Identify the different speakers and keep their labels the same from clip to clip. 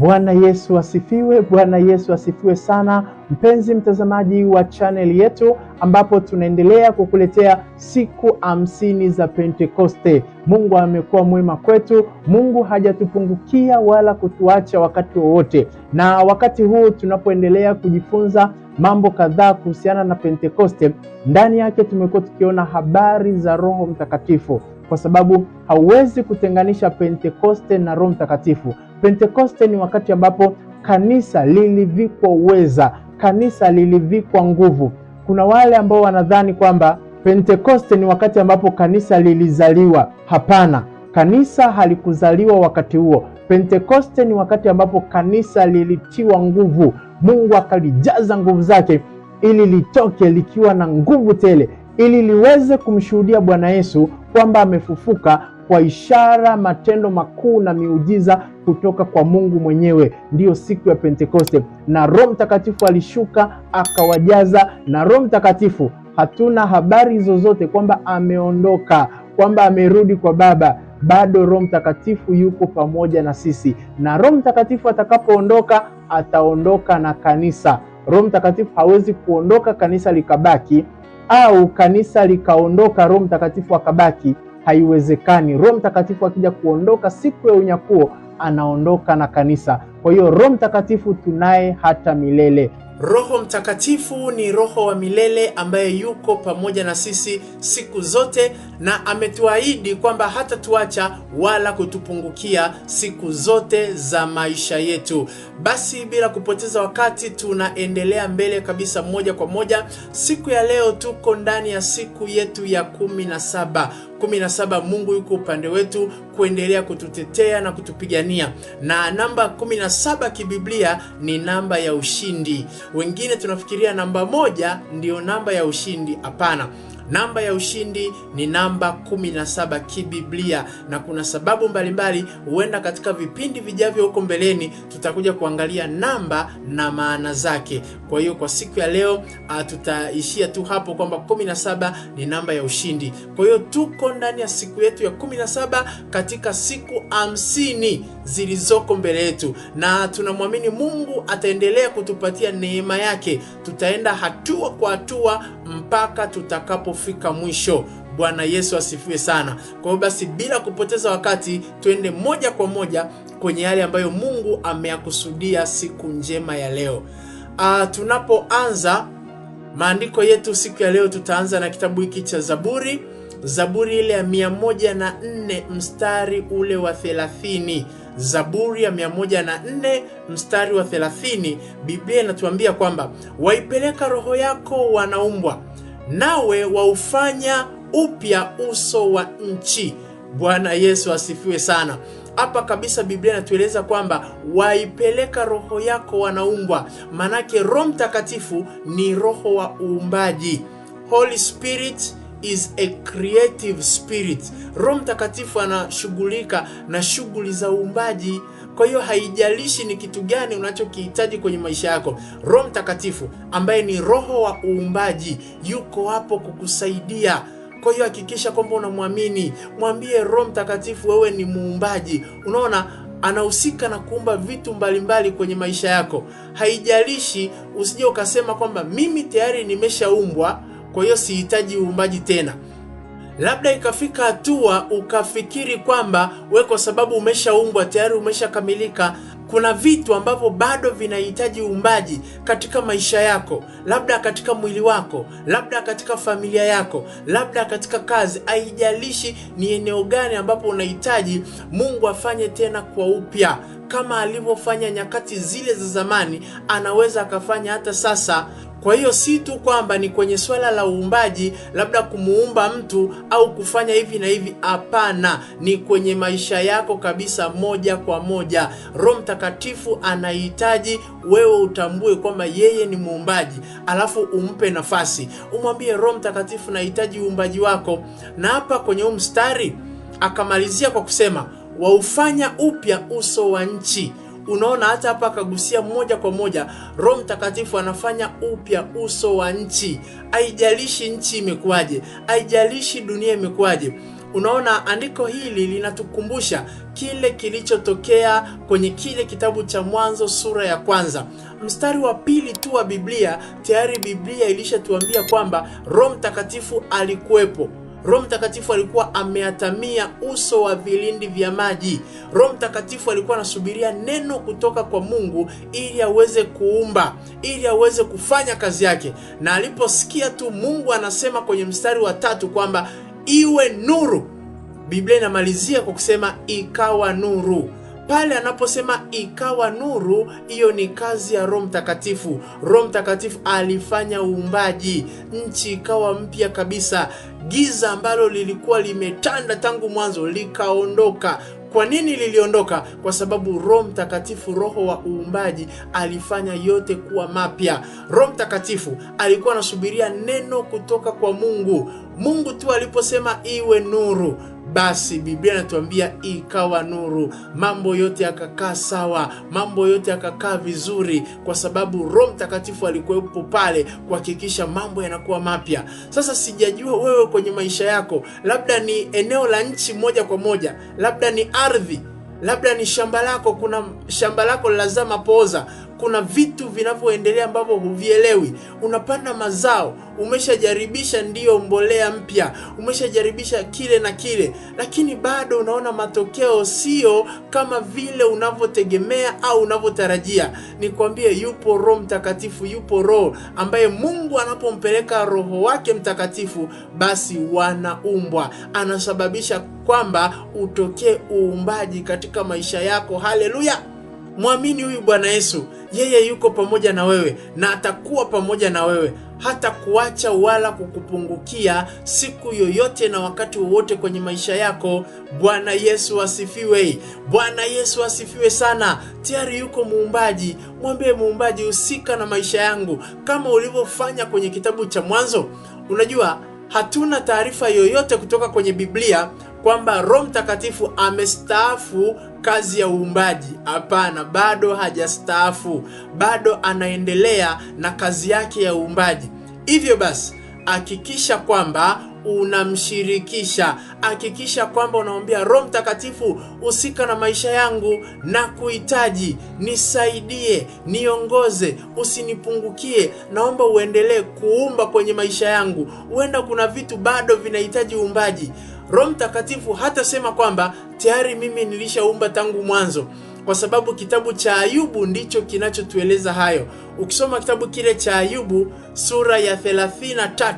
Speaker 1: Bwana Yesu asifiwe. Bwana Yesu asifiwe sana, mpenzi mtazamaji wa chaneli yetu, ambapo tunaendelea kukuletea siku hamsini za Pentekoste. Mungu amekuwa mwema kwetu. Mungu hajatupungukia wala kutuacha wakati wowote, na wakati huu tunapoendelea kujifunza mambo kadhaa kuhusiana na Pentekoste, ndani yake tumekuwa tukiona habari za Roho Mtakatifu, kwa sababu hauwezi kutenganisha Pentekoste na Roho Mtakatifu. Pentekoste ni wakati ambapo kanisa lilivikwa uweza, kanisa lilivikwa nguvu. Kuna wale ambao wanadhani kwamba Pentekoste ni wakati ambapo kanisa lilizaliwa. Hapana, kanisa halikuzaliwa wakati huo. Pentekoste ni wakati ambapo kanisa lilitiwa nguvu, Mungu akalijaza nguvu zake ili litoke likiwa na nguvu tele, ili liweze kumshuhudia Bwana Yesu kwamba amefufuka, kwa ishara, matendo makuu na miujiza kutoka kwa Mungu mwenyewe. Ndiyo siku ya Pentekoste, na Roho Mtakatifu alishuka akawajaza na Roho Mtakatifu. Hatuna habari zozote kwamba ameondoka, kwamba amerudi kwa Baba. Bado Roho Mtakatifu yuko pamoja na sisi, na Roho Mtakatifu atakapoondoka, ataondoka na kanisa. Roho Mtakatifu hawezi kuondoka kanisa likabaki, au kanisa likaondoka Roho Mtakatifu akabaki haiwezekani. Roho Mtakatifu akija kuondoka siku ya unyakuo, anaondoka na kanisa. Kwa hiyo Roho Mtakatifu tunaye hata milele. Roho Mtakatifu ni Roho wa milele ambaye yuko pamoja na sisi siku zote na ametuahidi kwamba hata tuacha wala kutupungukia siku zote za maisha yetu. Basi bila kupoteza wakati, tunaendelea mbele kabisa moja kwa moja. Siku ya leo tuko ndani ya siku yetu ya kumi na saba. Kumi na saba, Mungu yuko upande wetu kuendelea kututetea na kutupigania, na namba kumi na saba kibiblia ni namba ya ushindi. Wengine tunafikiria namba moja ndiyo namba ya ushindi. Hapana. Namba ya ushindi ni namba 17 kibiblia, na kuna sababu mbalimbali. Huenda katika vipindi vijavyo huko mbeleni tutakuja kuangalia namba na maana zake. Kwa hiyo kwa siku ya leo a, ah, tutaishia tu hapo kwamba 17 ni namba ya ushindi. Kwa hiyo tuko ndani ya siku yetu ya 17 katika siku hamsini zilizoko mbele yetu, na tunamwamini Mungu ataendelea kutupatia neema yake. Tutaenda hatua kwa hatua mpaka tutakapo kufika mwisho. Bwana Yesu asifiwe sana. Kwa hiyo basi, bila kupoteza wakati, twende moja kwa moja kwenye yale ambayo Mungu ameyakusudia siku njema ya leo. Uh, tunapoanza maandiko yetu siku ya leo, tutaanza na kitabu hiki cha Zaburi, Zaburi ile ya mia moja na nne mstari ule wa thelathini. Zaburi ya mia moja na nne mstari wa thelathini, Biblia inatuambia kwamba waipeleka roho yako wanaumbwa nawe waufanya upya uso wa nchi. Bwana Yesu asifiwe sana. Hapa kabisa Biblia inatueleza kwamba waipeleka roho yako wanaumbwa, manake Roho Mtakatifu ni roho wa uumbaji. Holy Spirit is a creative spirit. Roho Mtakatifu anashughulika na shughuli za uumbaji. Kwa hiyo haijalishi ni kitu gani unachokihitaji kwenye maisha yako, Roho Mtakatifu ambaye ni roho wa uumbaji yuko hapo kukusaidia. Kwa hiyo hakikisha kwamba unamwamini, mwambie Roho Mtakatifu, wewe ni muumbaji. Unaona, anahusika na kuumba vitu mbalimbali mbali kwenye maisha yako. Haijalishi, usije ukasema kwamba mimi tayari nimeshaumbwa, kwa hiyo sihitaji uumbaji tena labda ikafika hatua ukafikiri kwamba we kwa sababu umeshaumbwa tayari umeshakamilika. Kuna vitu ambavyo bado vinahitaji uumbaji katika maisha yako, labda katika mwili wako, labda katika familia yako, labda katika kazi. Haijalishi ni eneo gani ambapo unahitaji Mungu afanye tena kwa upya, kama alivyofanya nyakati zile za zamani, anaweza akafanya hata sasa. Kwa hiyo si tu kwamba ni kwenye swala la uumbaji, labda kumuumba mtu au kufanya hivi na hivi. Hapana, ni kwenye maisha yako kabisa, moja kwa moja. Roho Mtakatifu anahitaji wewe utambue kwamba yeye ni muumbaji, alafu umpe nafasi, umwambie Roho Mtakatifu, nahitaji uumbaji wako. Na hapa kwenye huu mstari akamalizia kwa kusema waufanya upya uso wa nchi Unaona, hata hapa akagusia moja kwa moja, Roho Mtakatifu anafanya upya uso wa nchi. Haijalishi nchi imekuwaje, haijalishi dunia imekuwaje. Unaona, andiko hili linatukumbusha kile kilichotokea kwenye kile kitabu cha Mwanzo sura ya kwanza mstari wa pili tu wa Biblia. Tayari Biblia ilishatuambia kwamba Roho Mtakatifu alikuwepo Roho Mtakatifu alikuwa ameatamia uso wa vilindi vya maji. Roho Mtakatifu alikuwa anasubiria neno kutoka kwa Mungu ili aweze kuumba, ili aweze kufanya kazi yake. Na aliposikia tu Mungu anasema kwenye mstari wa tatu kwamba iwe nuru, Biblia inamalizia kwa kusema ikawa nuru. Pale anaposema ikawa nuru, hiyo ni kazi ya Roho Mtakatifu. Roho Mtakatifu alifanya uumbaji, nchi ikawa mpya kabisa. Giza ambalo lilikuwa limetanda tangu mwanzo likaondoka. Kwa nini liliondoka? Kwa sababu Roho Mtakatifu, roho wa uumbaji, alifanya yote kuwa mapya. Roho Mtakatifu alikuwa anasubiria neno kutoka kwa Mungu. Mungu tu aliposema iwe nuru, basi Biblia inatuambia ikawa nuru, mambo yote yakakaa sawa, mambo yote yakakaa vizuri, kwa sababu Roho Mtakatifu alikuwepo pale kuhakikisha mambo yanakuwa mapya. Sasa sijajua wewe kwenye maisha yako, labda ni eneo la nchi moja kwa moja, labda ni ardhi, labda ni shamba lako, kuna shamba lako linazaa mapoza kuna vitu vinavyoendelea ambavyo huvielewi. Unapanda mazao, umeshajaribisha ndiyo mbolea mpya, umeshajaribisha kile na kile, lakini bado unaona matokeo sio kama vile unavyotegemea au unavyotarajia. Nikwambie, yupo Roho Mtakatifu, yupo Roho ambaye Mungu anapompeleka Roho wake Mtakatifu, basi wanaumbwa, anasababisha kwamba utokee uumbaji katika maisha yako. Haleluya! Mwamini huyu Bwana Yesu, yeye yuko pamoja na wewe na atakuwa pamoja na wewe, hata kuacha wala kukupungukia siku yoyote na wakati wowote kwenye maisha yako. Bwana Yesu asifiwe! Bwana Yesu asifiwe sana. Tayari yuko Muumbaji. Mwambie Muumbaji, husika na maisha yangu kama ulivyofanya kwenye kitabu cha Mwanzo. Unajua, hatuna taarifa yoyote kutoka kwenye Biblia kwamba Roho Mtakatifu amestaafu kazi ya uumbaji. Hapana, bado hajastaafu, bado anaendelea na kazi yake ya uumbaji. Hivyo basi hakikisha kwamba unamshirikisha, hakikisha kwamba unamwambia Roho Mtakatifu, husika na maisha yangu, na kuhitaji, nisaidie, niongoze, usinipungukie. Naomba uendelee kuumba kwenye maisha yangu. Huenda kuna vitu bado vinahitaji uumbaji. Roho Mtakatifu hatasema kwamba tayari mimi nilishaumba tangu mwanzo, kwa sababu kitabu cha Ayubu ndicho kinachotueleza hayo. Ukisoma kitabu kile cha Ayubu sura ya 33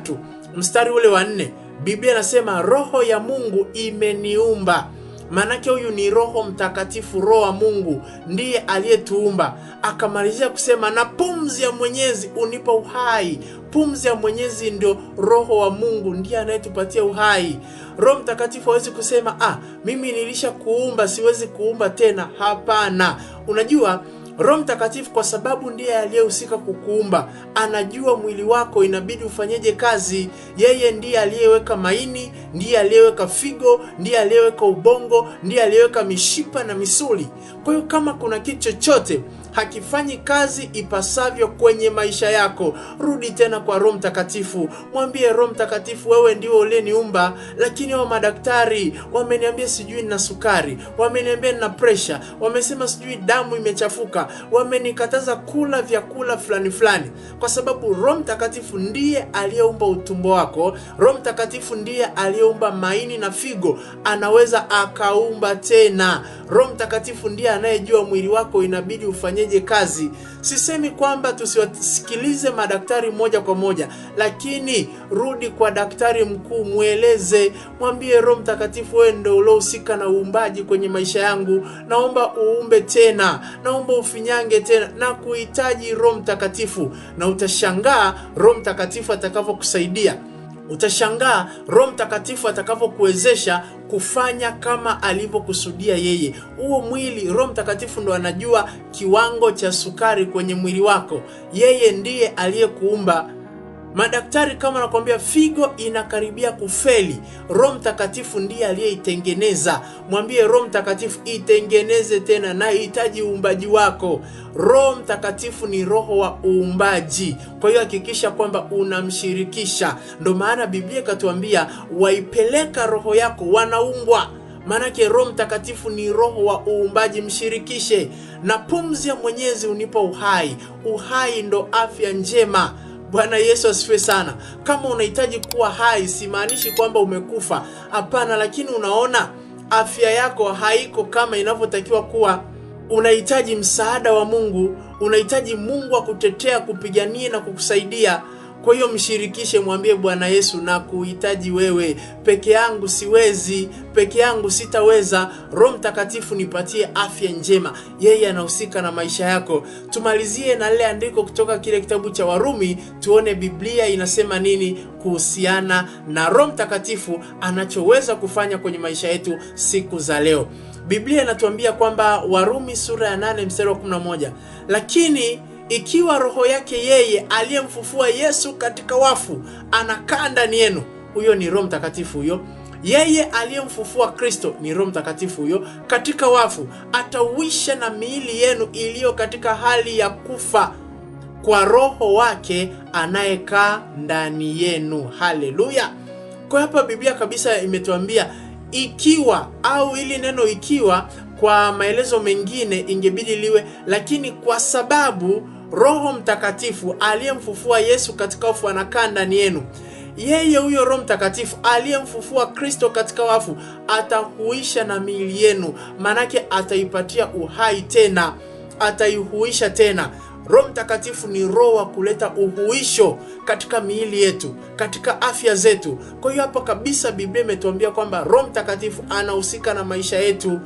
Speaker 1: mstari ule wa nne, Biblia inasema roho ya Mungu imeniumba Maanake huyu ni Roho Mtakatifu, Roho wa Mungu ndiye aliyetuumba. Akamalizia kusema na pumzi ya Mwenyezi unipa uhai. Pumzi ya Mwenyezi ndio Roho wa Mungu, ndiye anayetupatia uhai. Roho Mtakatifu hawezi kusema ah, mimi nilisha kuumba, siwezi kuumba tena. Hapana, unajua Roho Mtakatifu, kwa sababu ndiye aliyehusika kukuumba, anajua mwili wako inabidi ufanyeje kazi. Yeye ndiye aliyeweka maini, ndiye aliyeweka figo, ndiye aliyeweka ubongo, ndiye aliyeweka mishipa na misuli. Kwa hiyo kama kuna kitu chochote hakifanyi kazi ipasavyo kwenye maisha yako, rudi tena kwa Roho Mtakatifu. Mwambie Roho Mtakatifu, wewe ndiwe uliyeniumba, lakini wa madaktari wameniambia sijui nina sukari, wameniambia nina presha, wamesema sijui damu imechafuka, wamenikataza kula vyakula fulani fulani, kwa sababu Roho Mtakatifu ndiye aliyeumba utumbo wako. Roho Mtakatifu ndiye aliyeumba maini na figo, anaweza akaumba tena. Roho Mtakatifu ndiye anayejua mwili wako inabidi ufanye wafanyeje kazi. Sisemi kwamba tusiwasikilize madaktari moja kwa moja, lakini rudi kwa daktari mkuu, mweleze, mwambie Roho Mtakatifu, wewe ndio uliohusika na uumbaji kwenye maisha yangu, naomba uumbe tena, naomba ufinyange tena, na kuhitaji Roho Mtakatifu, na utashangaa Roho Mtakatifu atakavyokusaidia. Utashangaa Roho Mtakatifu atakavyokuwezesha kufanya kama alivyokusudia yeye. Huo mwili, Roho Mtakatifu ndo anajua kiwango cha sukari kwenye mwili wako. Yeye ndiye aliyekuumba Madaktari kama nakwambia, figo inakaribia kufeli, Roho Mtakatifu ndiye aliyeitengeneza. Mwambie Roho Mtakatifu, itengeneze tena, nahitaji uumbaji wako. Roho Mtakatifu ni roho wa uumbaji, kwa hiyo hakikisha kwamba unamshirikisha. Ndo maana Biblia ikatuambia waipeleka roho yako, wanaumbwa Maanake Roho Mtakatifu ni roho wa uumbaji, mshirikishe. Na pumzi ya Mwenyezi unipa uhai, uhai ndo afya njema. Bwana Yesu asifiwe sana. Kama unahitaji kuwa hai, simaanishi kwamba umekufa, hapana, lakini unaona afya yako haiko kama inavyotakiwa kuwa. Unahitaji msaada wa Mungu, unahitaji Mungu akutetea, kupigania na kukusaidia. Kwa hiyo mshirikishe, mwambie Bwana Yesu, na kuhitaji wewe peke yangu, siwezi peke yangu, sitaweza. Roho Mtakatifu, nipatie afya njema. Yeye anahusika na maisha yako. Tumalizie na lile andiko kutoka kile kitabu cha Warumi, tuone Biblia inasema nini kuhusiana na Roho Mtakatifu anachoweza kufanya kwenye maisha yetu siku za leo. Biblia inatuambia kwamba Warumi sura ya 8 mstari wa 11, lakini ikiwa roho yake yeye aliyemfufua Yesu katika wafu anakaa ndani yenu, huyo ni Roho Mtakatifu huyo yeye aliyemfufua Kristo ni Roho Mtakatifu huyo katika wafu, atauisha na miili yenu iliyo katika hali ya kufa kwa roho wake anayekaa ndani yenu. Haleluya! Kwa hapa Biblia kabisa imetuambia ikiwa, au ili neno ikiwa kwa maelezo mengine ingebidi liwe lakini, kwa sababu Roho Mtakatifu aliyemfufua Yesu katika wafu anakaa ndani yenu. Yeye huyo Roho Mtakatifu aliyemfufua Kristo katika wafu atahuisha na miili yenu, maanake ataipatia uhai tena, ataihuisha tena. Roho Mtakatifu ni roho wa kuleta uhuisho katika miili yetu, katika afya zetu. Kwa hiyo hapa kabisa Biblia imetuambia kwamba Roho Mtakatifu anahusika na maisha yetu,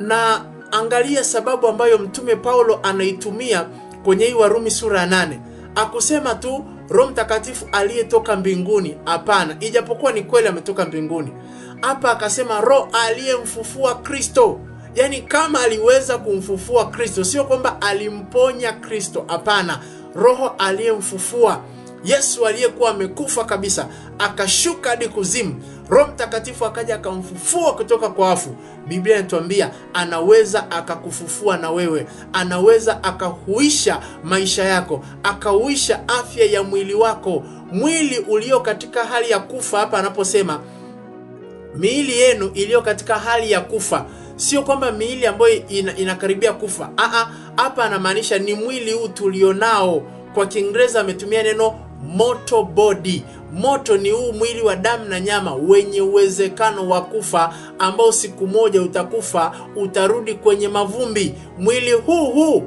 Speaker 1: na angalia sababu ambayo Mtume Paulo anaitumia kwenye hii Warumi sura ya nane akusema tu Roho Mtakatifu aliyetoka mbinguni. Hapana, ijapokuwa ni kweli ametoka mbinguni, hapa akasema Roho aliyemfufua Kristo. Yaani kama aliweza kumfufua Kristo, sio kwamba alimponya Kristo, hapana. Roho aliyemfufua Yesu aliyekuwa amekufa kabisa, akashuka hadi kuzimu Roho Mtakatifu akaja akamfufua kutoka kwa wafu, Biblia inatuambia anaweza akakufufua na wewe, anaweza akahuisha maisha yako, akahuisha afya ya mwili wako, mwili ulio katika hali ya kufa. Hapa anaposema miili yenu iliyo katika hali ya kufa, sio kwamba miili ambayo ina, inakaribia kufa. Aha, hapa anamaanisha ni mwili huu tulionao. Kwa Kiingereza ametumia neno moto body. Moto ni huu mwili wa damu na nyama wenye uwezekano wa kufa, ambao siku moja utakufa, utarudi kwenye mavumbi. Mwili huu huu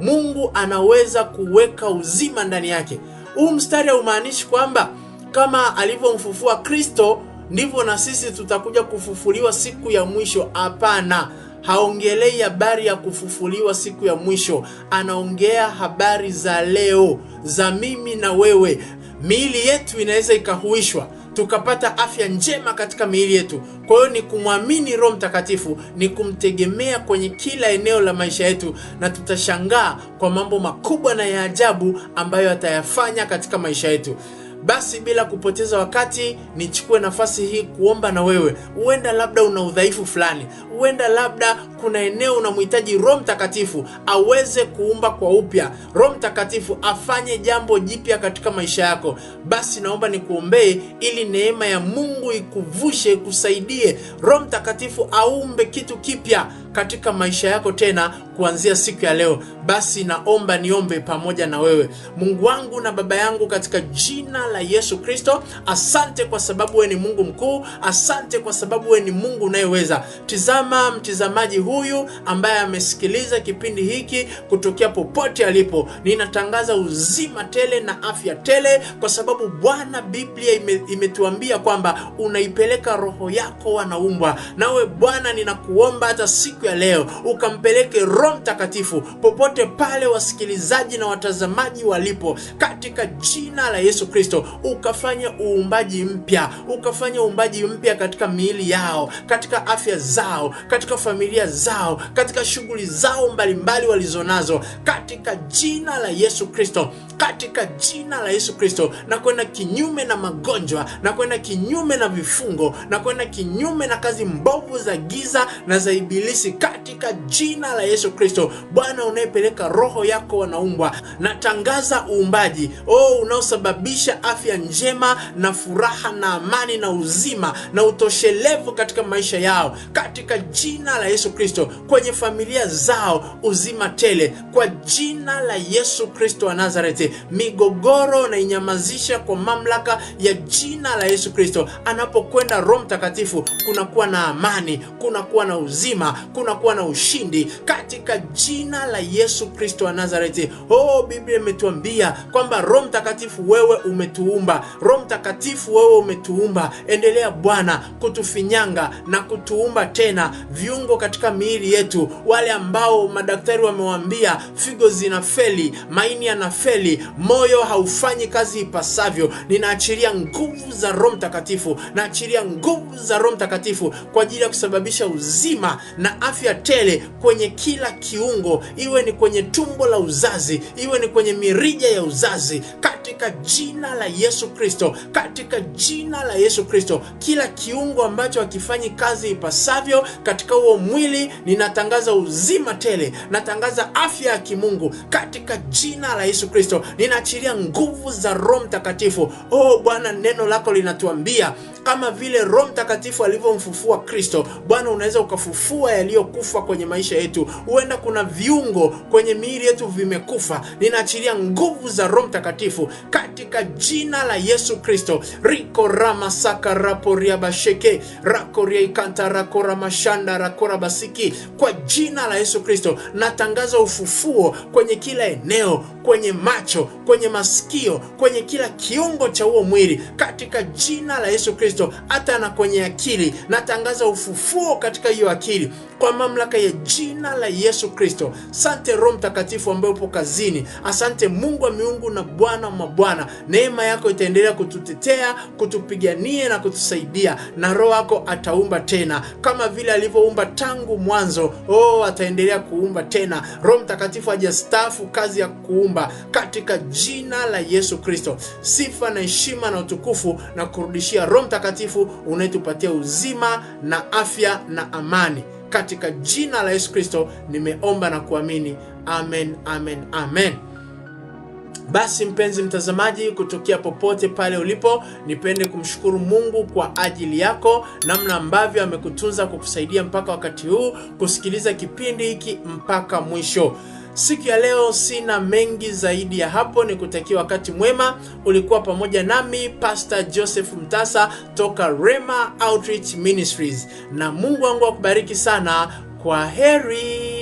Speaker 1: Mungu anaweza kuweka uzima ndani yake. Huu mstari haumaanishi kwamba kama alivyomfufua Kristo ndivyo na sisi tutakuja kufufuliwa siku ya mwisho. Hapana haongelei habari ya kufufuliwa siku ya mwisho, anaongea habari za leo, za mimi na wewe. Miili yetu inaweza ikahuishwa tukapata afya njema katika miili yetu. Kwa hiyo ni kumwamini Roho Mtakatifu, ni kumtegemea kwenye kila eneo la maisha yetu, na tutashangaa kwa mambo makubwa na ya ajabu ambayo atayafanya katika maisha yetu. Basi bila kupoteza wakati, nichukue nafasi hii kuomba na wewe. Huenda labda una udhaifu fulani, huenda labda kuna eneo unamhitaji Roho Mtakatifu aweze kuumba kwa upya, Roho Mtakatifu afanye jambo jipya katika maisha yako, basi naomba nikuombee ili neema ya Mungu ikuvushe, ikusaidie. Roho Mtakatifu aumbe kitu kipya katika maisha yako tena kuanzia siku ya leo. Basi naomba niombe pamoja na wewe. Mungu wangu na Baba yangu, katika jina la Yesu Kristo, asante kwa sababu wewe ni Mungu mkuu, asante kwa sababu wewe ni Mungu unayeweza. Tizama mtizamaji huyu ambaye amesikiliza kipindi hiki kutokea popote alipo, ninatangaza uzima tele na afya tele, kwa sababu Bwana, Biblia ime, imetuambia kwamba unaipeleka roho yako wanaumbwa. Nawe Bwana, ninakuomba hata siku ya leo ukampeleke Roho Mtakatifu popote pale wasikilizaji na watazamaji walipo, katika jina la Yesu Kristo, ukafanya uumbaji mpya, ukafanya uumbaji mpya katika miili yao, katika afya zao, katika familia zao, katika shughuli zao mbalimbali walizonazo, katika jina la Yesu Kristo katika jina la Yesu Kristo, na kwenda kinyume na magonjwa, na kwenda kinyume na vifungo, na kwenda kinyume na kazi mbovu za giza na za ibilisi katika jina la Yesu Kristo. Bwana unayepeleka roho yako wanaumbwa, natangaza uumbaji oh, unaosababisha afya njema na furaha na amani na uzima na utoshelevu katika maisha yao katika jina la Yesu Kristo, kwenye familia zao uzima tele kwa jina la Yesu Kristo wa Nazareti migogoro migogoro nainyamazisha kwa mamlaka ya jina la Yesu Kristo. Anapokwenda Roho Mtakatifu kunakuwa na amani, kunakuwa na uzima, kunakuwa na ushindi katika jina la Yesu Kristo wa Nazareti. Oh, Biblia imetuambia kwamba Roho Mtakatifu, wewe umetuumba. Roho Mtakatifu, wewe umetuumba. Endelea Bwana kutufinyanga na kutuumba tena viungo katika miili yetu, wale ambao madaktari wamewaambia figo zinafeli, maini yanafeli moyo haufanyi kazi ipasavyo. Ninaachilia nguvu za Roho Mtakatifu, naachilia nguvu za Roho Mtakatifu kwa ajili ya kusababisha uzima na afya tele kwenye kila kiungo, iwe ni kwenye tumbo la uzazi, iwe ni kwenye mirija ya uzazi Kat katika jina la Yesu Kristo, katika jina la Yesu Kristo, kila kiungo ambacho hakifanyi kazi ipasavyo katika huo mwili, ninatangaza uzima tele, natangaza afya ya kimungu katika jina la Yesu Kristo. Ninaachilia nguvu za Roho Mtakatifu. Oh Bwana, neno lako linatuambia kama vile Roho Mtakatifu alivyomfufua Kristo. Bwana, unaweza ukafufua yaliyokufa kwenye maisha yetu. Huenda kuna viungo kwenye miili yetu vimekufa, ninaachilia nguvu za Roho Mtakatifu katika jina la Yesu Kristo. riko ramasaka raporia basheke rakoria ikanta rakora mashanda rakora basiki. Kwa jina la Yesu Kristo natangaza ufufuo kwenye kila eneo, kwenye macho, kwenye masikio, kwenye kila kiungo cha huo mwili katika jina la Yesu Kristo, hata na kwenye akili natangaza ufufuo katika hiyo akili kwa mamlaka ya jina la Yesu Kristo. Asante Roho Mtakatifu ambaye upo kazini, asante Mungu wa miungu na Bwana Bwana, neema yako itaendelea kututetea, kutupigania na kutusaidia, na Roho yako ataumba tena kama vile alivyoumba tangu mwanzo. Oh, ataendelea kuumba tena. Roho Mtakatifu ajastafu kazi ya kuumba, katika jina la Yesu Kristo. Sifa na heshima na utukufu na kurudishia Roho Mtakatifu unayetupatia uzima na afya na amani katika jina la Yesu Kristo nimeomba na kuamini. Amen, amen, amen. Basi mpenzi mtazamaji, kutokea popote pale ulipo, nipende kumshukuru Mungu kwa ajili yako, namna ambavyo amekutunza kukusaidia mpaka wakati huu kusikiliza kipindi hiki mpaka mwisho. Siku ya leo sina mengi zaidi ya hapo, ni kutakia wakati mwema. Ulikuwa pamoja nami Pastor Joseph Mtasa toka Rema Outreach Ministries, na Mungu wangu akubariki sana. Kwa heri.